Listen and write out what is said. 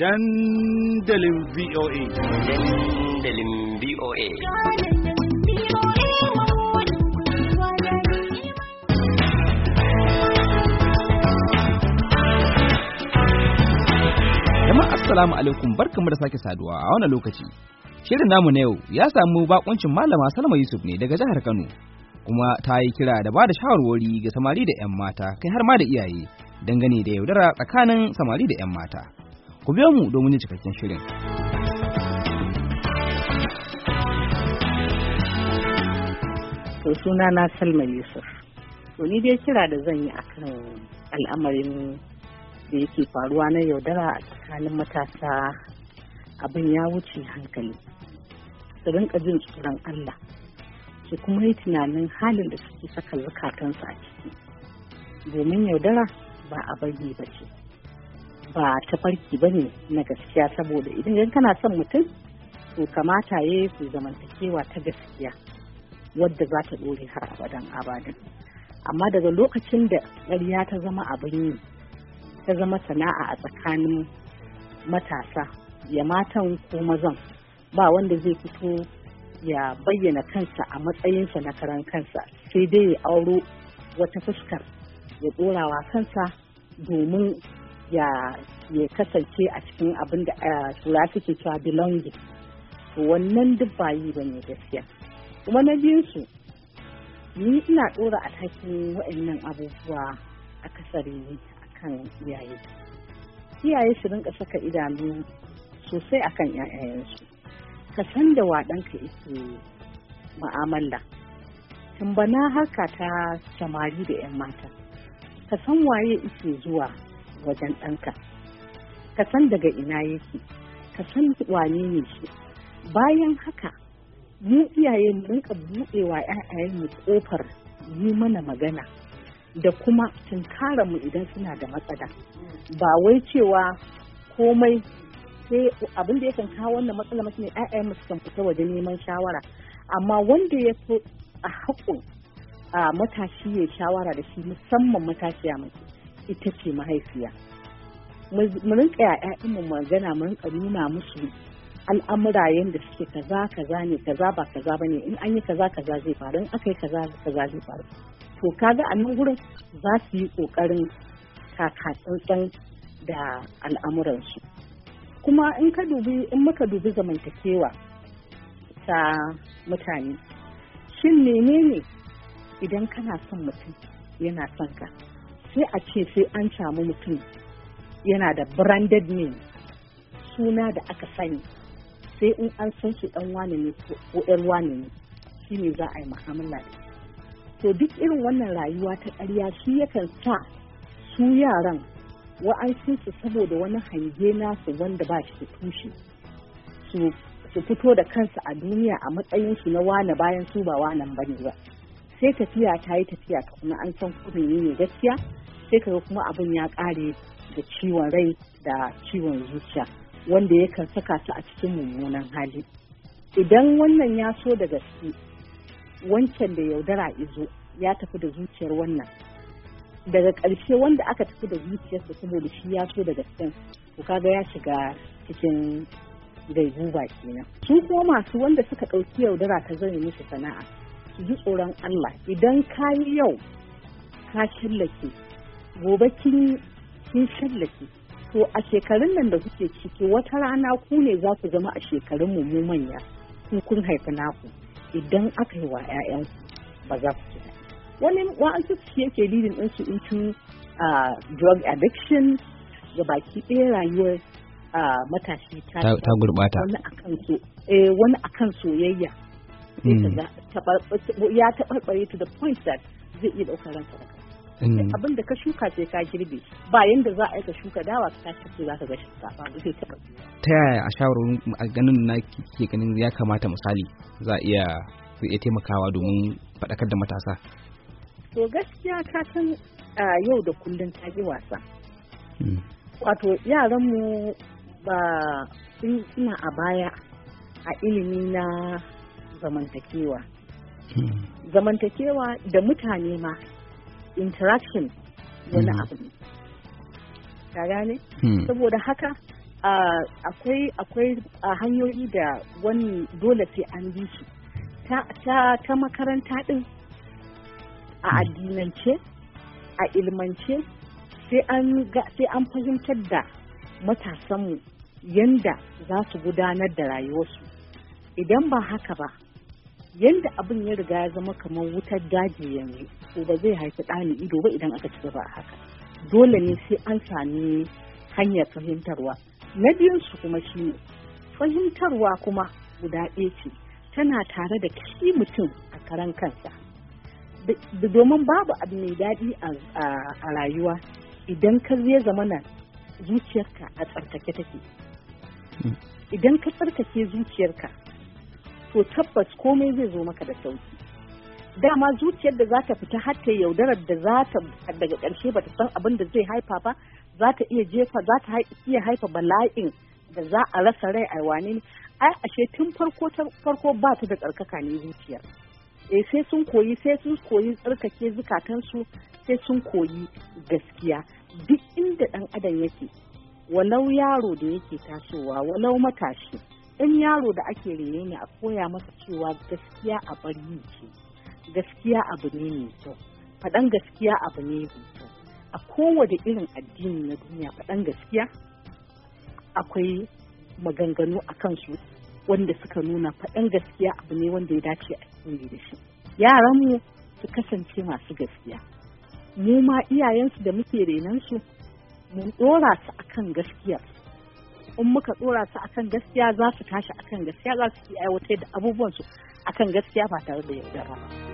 dandalin VOA. Dandalin VOA. Jama'a Assalamu alaikum barkamu da sake saduwa a wannan lokaci. Shirin namu na yau ya samu bakuncin Malama Salma Yusuf ne daga jihar Kano. kuma ta yi kira da ba da shawarwari ga samari da 'yan mata kai har ma da iyaye dangane da yaudara tsakanin samari da 'yan mata. Ku biyo mu domin yin cikakken shirin. To suna na Salma Yusuf. To ni dai kira da zan yi akan al'amarin da yake faruwa na yaudara a tsakanin matasa abin ya wuce hankali. Su rinka jin tsoron Allah. Su kuma yi tunanin halin da suke saka zukatansu a ciki. Domin yaudara ba a bayyana ba ce. ba ta tafarki ba ne na gaskiya saboda idan kana son mutum to kamata ya yi su zamantakewa ta gaskiya wadda za ta ɗore har abadan abadan amma daga lokacin da ƙarya ta zama abin yi ta zama sana'a a tsakanin matasa ya matan ko mazan ba wanda zai fito ya bayyana kansa a matsayinsa na karan kansa sai dai ya auro wata fuskar ya ɗorawa kansa domin ya ya kasance a cikin abin da eh, tura suke cewa belonging to wannan duk ba ba ne gaskiya kuma na biyunsu ni ina ɗora alhakin waɗannan abubuwa a kasari kan iyaye iyaye su rinka saka idanu sosai a akan 'ya'yayensu ka san da waɗanka ita ma'amala tambana harka ta samari da 'yan mata ka san waye ike zuwa wajen ɗanka ka san daga ina yake ka san wane ne shi bayan haka mu iyaye mu rinka buɗewa mu ƙofar yi mana magana da kuma tunkara mu idan suna da matsala ba wai cewa komai sai abin da yakan kawo wannan matsala masu ne ƴaƴan mu sukan fita waje neman shawara amma wanda ya fi a haƙo a matashi ya shawara da shi musamman matashiya mace ita ce mahaifiya mu rinka ya mu magana mu rinka nuna musu al'amura yadda suke kaza kaza ne kaza ba kaza ba ne in an yi kaza kaza zai faru in aka yi kaza kaza zai faru to kaga a nan gurin za su yi ƙoƙarin kaka tsantsan da al'amuransu kuma in ka dubi in muka dubi zamantakewa ta mutane shin menene idan kana son mutum yana son ka sai a ce sai an samu mutum yana da branded name suna da aka sani sai in an san su dan wane ne ko yan wane ne shi ne za a yi ma'amala da to duk irin wannan rayuwa ta ƙarya shi yakan sa su yaran wa'ansu su saboda wani hange nasu wanda ba shi tushe su fito da kansu a duniya a matsayin su na wane bayan su ba wanan bane ba sai tafiya ta yi tafiya kuma an san kudin ne gaskiya sai kaga kuma abin ya ƙare da ciwon rai da ciwon zuciya wanda yakan saka su a cikin mummunan hali idan wannan ya so da gaske wancan da yaudara izo ya tafi da zuciyar wannan daga ƙarshe wanda aka tafi da zuciyarsa saboda shi ya so da gaske to kaga ya shiga cikin gaibu ba kenan su kuma masu wanda suka ɗauki yaudara ta zai musu sana'a su ji tsoron Allah idan ka yi yau ka killake. gobe kin kin shallake to a shekarun nan da kuke ciki wata rana ku ne za ku zama a shekarun mu manya kun kun haifi naku idan aka yi wa ku ba za ku ci wani wa'ansu su yake dinin din su into drug addiction ga baki ɗaya rayuwar matashi ta gurbata wani akan eh, soyayya mm. ya taɓarɓare to the point that zai iya ɗaukar ransa da Mm. abin da ka shuka sai ka girbe ba yanda za a yi ka shuka dawa ka tashi za ka ga shinkafa ba zai taɓa ta yaya a shawarwarin a ganin na ke ganin ya kamata misali za a iya zai iya taimakawa domin faɗakar da matasa to gaskiya ka san yau da kullum ta yi wasa mm. wato yaranmu ba suna a baya a ilimi na zamantakewa mm. zamantakewa da mutane ma interaction wani hmm. abu ne gane hmm. saboda haka akwai akwai hanyoyi da wani dole sai an bi su ta makaranta din a hmm. addinance a ilmance sai an fahimtar da matasanmu yanda za su gudanar da rayuwarsu idan ba haka ba Yadda abin ya riga ya zama kamar wutar daji yanzu to ba zai haifi ɗani ido ba idan aka ci gaba a haka dole ne sai an sami hanyar fahimtarwa na biyunsu kuma shi ne. fahimtarwa kuma guda ɗaya ce tana tare da shi mutum a karan kansa domin babu abu mai daɗi a rayuwa idan ka zai zama na zuciyarka a tsarkake take hmm. idan ka tsarkake zuciyarka to tabbas komai zai zo maka da sauki dama zuciyar da za ta fita har ta yaudarar da za ta daga ƙarshe ba ta san abin da zai haifa ba za ta iya jefa za ta iya haifa bala'in da za a rasa rai a wane ne ai ashe tun farko ta farko ba ta da tsarkaka ne zuciyar eh sai sun koyi sai sun koyi tsarkake zukatansu sai sun koyi gaskiya duk inda ɗan adam yake walau yaro da yake tasowa walau matashi in yaro da ake rere ne a koya masa cewa gaskiya a bari ce gaskiya abu ne mai kyau faɗan gaskiya abu ne mai kyau a kowane irin addini na duniya faɗan gaskiya akwai maganganu a kansu wanda suka nuna faɗan gaskiya abu ne wanda ya dace a cikin da shi yaranmu su kasance masu gaskiya mu ma iyayensu da muke renansu mun ɗora su akan gaskiya in muka tsora su akan gaskiya za su tashi akan gaskiya za su aiwatar da abubuwan su akan gaskiya ba tare da yaudara ba